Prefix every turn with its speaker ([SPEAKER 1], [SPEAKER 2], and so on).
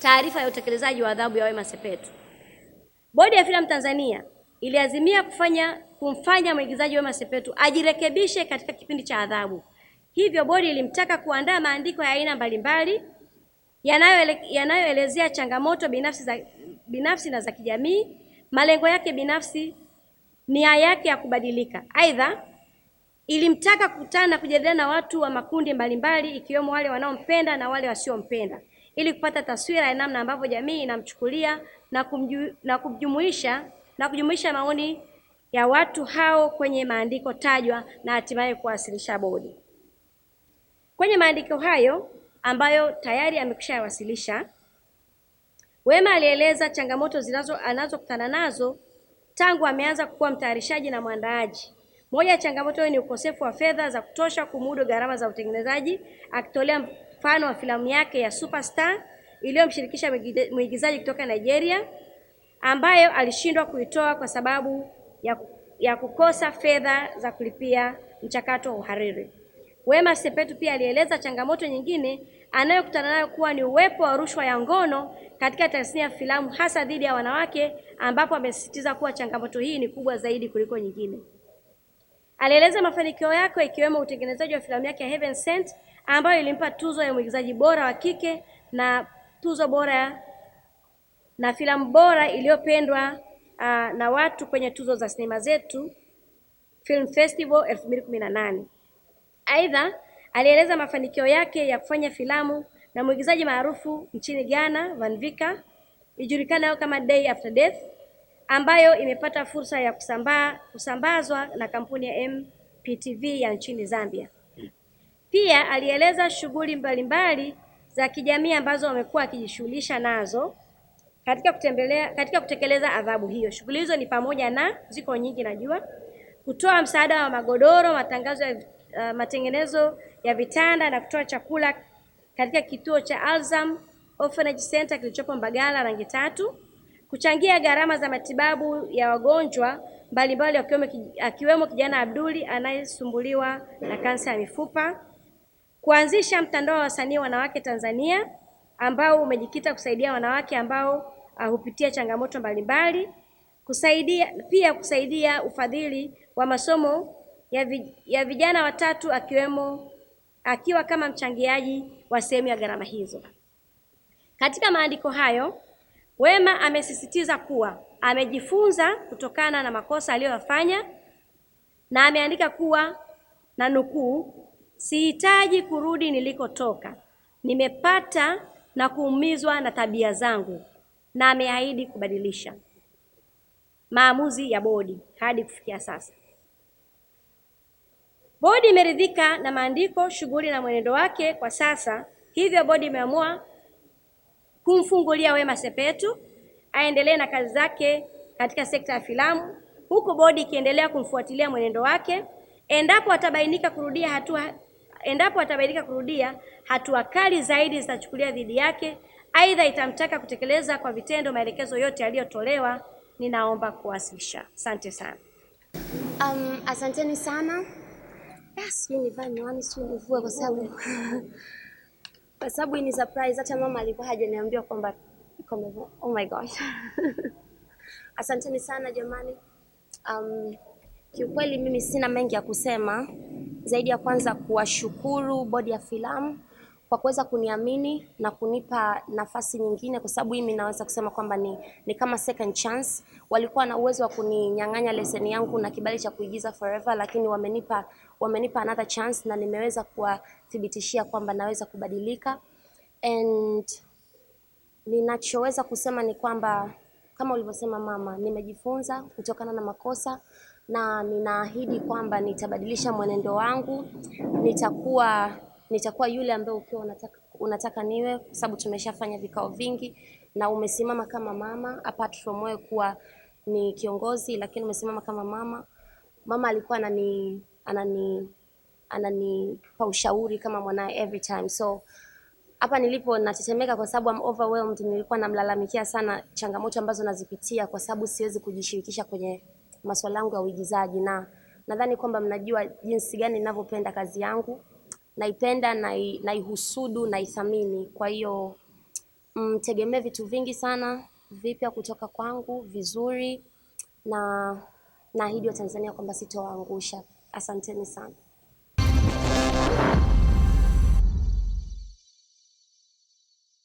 [SPEAKER 1] taarifa ya utekelezaji wa adhabu ya Wema Sepetu. Bodi ya Filamu Tanzania iliazimia kufanya kumfanya mwigizaji Wema Sepetu ajirekebishe katika kipindi cha adhabu. Hivyo bodi ilimtaka kuandaa maandiko ya aina mbalimbali yanayoelezea yanayo changamoto binafsi, za, binafsi na za kijamii, malengo yake binafsi, nia yake ya kubadilika. Aidha, ilimtaka kukutana na kujadiliana na watu wa makundi mbalimbali ikiwemo wale wanaompenda na wale wasiompenda ili kupata taswira ya namna ambavyo jamii inamchukulia na kumju, na kumjumuisha na kujumuisha maoni ya watu hao kwenye maandiko tajwa na hatimaye kuwasilisha bodi. Kwenye maandiko hayo ambayo tayari amekwishawasilisha, Wema alieleza changamoto zinazo anazokutana nazo tangu ameanza kuwa mtayarishaji na mwandaaji. Moja ya changamoto hiyo ni ukosefu wa fedha za kutosha kumudu gharama za utengenezaji, akitolea mfano wa filamu yake ya Superstar iliyomshirikisha mwigizaji kutoka Nigeria ambayo alishindwa kuitoa kwa sababu ya, ya kukosa fedha za kulipia mchakato wa uhariri. Wema Sepetu pia alieleza changamoto nyingine anayokutana nayo kuwa ni uwepo wa rushwa ya ngono katika tasnia ya filamu hasa dhidi ya wanawake ambapo amesisitiza kuwa changamoto hii ni kubwa zaidi kuliko nyingine. Alieleza mafanikio yake ikiwemo utengenezaji wa filamu yake ya Heaven Sent ambayo ilimpa tuzo ya mwigizaji bora wa kike na tuzo bora na filamu bora iliyopendwa uh, na watu kwenye tuzo za sinema zetu Film Festival 2018. Aidha, alieleza mafanikio yake ya kufanya filamu na mwigizaji maarufu nchini Ghana Vanvika ijulikanayo kama Day After Death ambayo imepata fursa ya kusambaa, kusambazwa na kampuni ya MPTV ya nchini Zambia. Pia alieleza shughuli mbalimbali za kijamii ambazo wamekuwa wakijishughulisha nazo katika kutembelea, katika kutekeleza adhabu hiyo. Shughuli hizo ni pamoja na ziko nyingi, najua kutoa msaada wa magodoro, matangazo ya uh, matengenezo ya vitanda na kutoa chakula katika kituo cha Alzam Orphanage Center kilichopo Mbagala Rangi Tatu kuchangia gharama za matibabu ya wagonjwa mbalimbali akiwemo kijana Abduli anayesumbuliwa na kansa ya mifupa, kuanzisha mtandao wa wasanii wanawake Tanzania ambao umejikita kusaidia wanawake ambao ah, hupitia changamoto mbalimbali, kusaidia pia kusaidia ufadhili wa masomo ya, vi, ya vijana watatu akiwemo akiwa kama mchangiaji wa sehemu ya gharama hizo. Katika maandiko hayo Wema amesisitiza kuwa amejifunza kutokana na makosa aliyoyafanya na ameandika kuwa na nukuu, sihitaji kurudi nilikotoka, nimepata na kuumizwa na tabia zangu, na ameahidi kubadilisha. Maamuzi ya bodi hadi kufikia sasa, bodi imeridhika na maandiko, shughuli na mwenendo wake kwa sasa, hivyo bodi imeamua kumfungulia Wema Sepetu aendelee na kazi zake katika sekta ya filamu, huku bodi ikiendelea kumfuatilia mwenendo wake. Endapo atabainika kurudia hatua endapo atabainika kurudia hatua kali zaidi zitachukuliwa dhidi yake. Aidha, itamtaka kutekeleza kwa vitendo maelekezo yote yaliyotolewa. Ninaomba kuwasilisha. Asante sana.
[SPEAKER 2] Um, asanteni sana. Yes, ah, mimi nivae miwani kwa sababu kwa sababu ni surprise. Hata mama alikuwa hajaniambia kwamba oh my god asanteni sana jamani. Um, kiukweli mimi sina mengi ya kusema zaidi ya kwanza kuwashukuru bodi ya filamu kwa kuweza kuniamini na kunipa nafasi nyingine, kwa sababu mimi naweza kusema kwamba ni, ni kama second chance. Walikuwa na uwezo wa kuninyang'anya leseni yangu na kibali cha kuigiza forever, lakini wamenipa wamenipa another chance na nimeweza kuwathibitishia kwamba naweza kubadilika and ninachoweza kusema ni kwamba kama ulivyosema mama, nimejifunza kutokana na makosa na ninaahidi kwamba nitabadilisha mwenendo wangu, nitakuwa nitakuwa yule ambaye ukiwa unataka, unataka niwe, kwa sababu tumeshafanya vikao vingi na umesimama kama mama, apart from wewe kuwa ni kiongozi, lakini umesimama kama mama. Mama alikuwa anani anani ananipa ushauri kama mwanae every time, so hapa nilipo natetemeka kwa sababu I'm overwhelmed. Nilikuwa namlalamikia sana changamoto ambazo nazipitia kwa sababu siwezi kujishirikisha kwenye masuala yangu ya uigizaji, na nadhani kwamba mnajua jinsi gani ninavyopenda kazi yangu naipenda, naihusudu, na naithamini. Kwa hiyo mtegemee mm, vitu vingi sana vipya kutoka kwangu vizuri, na naahidi Watanzania kwamba sitowaangusha. Asanteni sana.